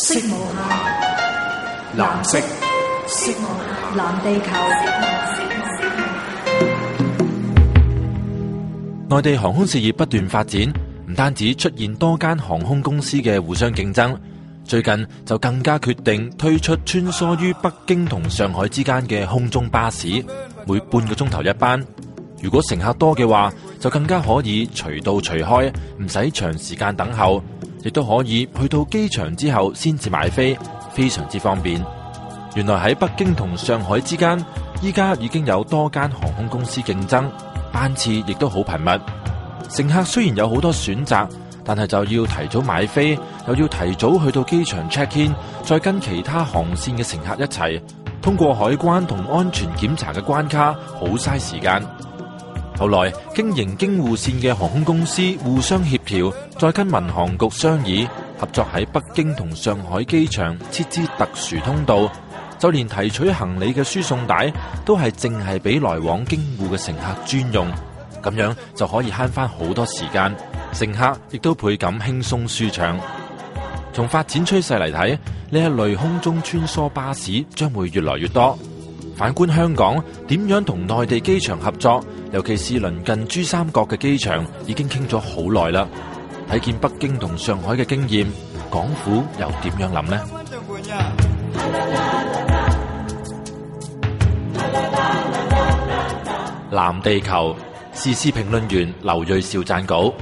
色藍色，色，藍色，色藍地球。內地航空事業不斷發展，唔單止出現多間航空公司嘅互相競爭，最近就更加決定推出穿梭於北京同上海之間嘅空中巴士，每半個鐘頭一班。如果乘客多嘅話，就更加可以隨到隨開，唔使長時間等候。亦都可以去到機場之後先至買飛，非常之方便。原來喺北京同上海之間，依家已經有多間航空公司競爭，班次亦都好頻密。乘客雖然有好多選擇，但係就要提早買飛，又要提早去到機場 check in，再跟其他航線嘅乘客一齊通過海關同安全檢查嘅關卡，好嘥時間。後來，經營京滬線嘅航空公司互相協調，再跟民航局商議合作，喺北京同上海機場設置特殊通道，就連提取行李嘅輸送帶都係淨係俾來往京滬嘅乘客專用，咁樣就可以慳翻好多時間，乘客亦都倍感輕鬆舒暢。從發展趨勢嚟睇，呢類空中穿梭巴士將會越來越多。反觀香港點樣同內地機場合作，尤其是鄰近珠三角嘅機場，已經傾咗好耐啦。睇見北京同上海嘅經驗，港府又點樣諗呢？藍地球時事評論員劉銳紹撰稿。